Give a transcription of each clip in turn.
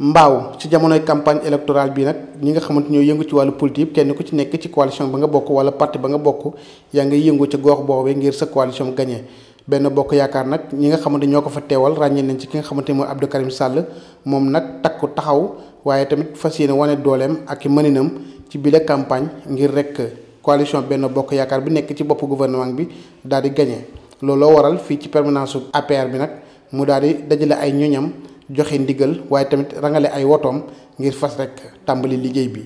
mbaaw ci jamonoy campagne électorale bi nag ñi nga xamante ñoo yëngu ci wàllu politique kenn ku ci nekk ci coalition ba nga bokk wala parti ba nga bokk yaa nga yëngu ci gox boobee ngir sa coalition gagné benn bokk yaakaar nag ñi nga xamante ñoo ko fa teewal ràññee nañ ci ki nga xamante ni mooy Abdou Karim Sall moom nag takku taxaw waaye tamit fas yéene wane dooleem ak mëninam ci bile campagne ngir rek coalition benn bokk yaakaar bi nekk ci bopp gouvernement bi daal di gagné looloo waral fii ci permanence APR bi nag mu daal di dajale ay ñoñam joxe ndigal waaye tamit rangale ay wotoom ngir fas rek tàmbali liggéey bi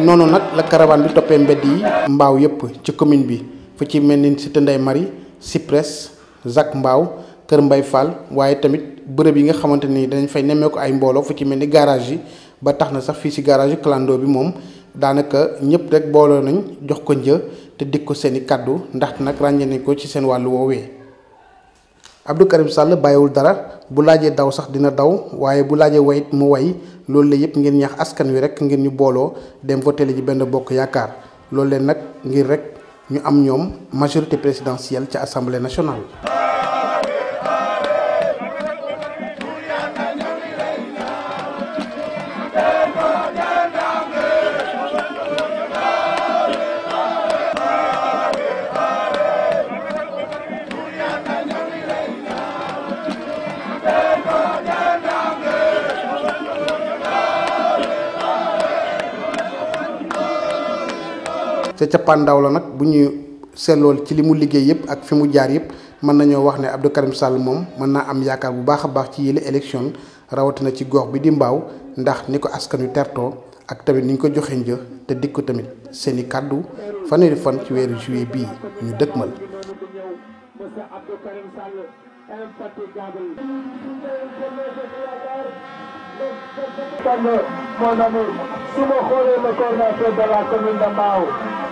noonu nag la caravane bi toppee mbedd yi mbaaw yëpp ci commune bi fu ci mel ni si Ndeye Marie Cyprès Zac Mbao Kër Mbay Fall waaye tamit bërëb yi nga xamante ni dañ fay nemmeeku ay mbooloo fu ci mel ni garage yi ba tax na sax fii si garage clando bi moom daanaka ñëpp rek booloo nañ jox ko një te dik ko seeni kàddu ndaxte nag ràññee ko ci seen wàllu woowee Abdou Karim Sall bàyyiwul dara bu laajee daw sax dina daw waaye bu laajee wayit mu way loolu la yëpp ngeen ñax askan wi rek ngeen ñu booloo dem voté ji benn bokk yaakaar loolu leen nag ngir rek ñu am ñoom majorité présidentielle ca assemblée nationale. ca cappaandaw la nag bu ñu seetlool ci li liggéey yëpp ak fimu mu jaar yëpp mën nañoo wax ne Abdou Karim Sall moom mën naa am yaakaar bu baax a baax ci yële élection rawatina ci gox bi di ndax askan wi tertoo ak tamit ni ko joxe një te dikk tamit seen fan ci juillet ñu dëkkmal.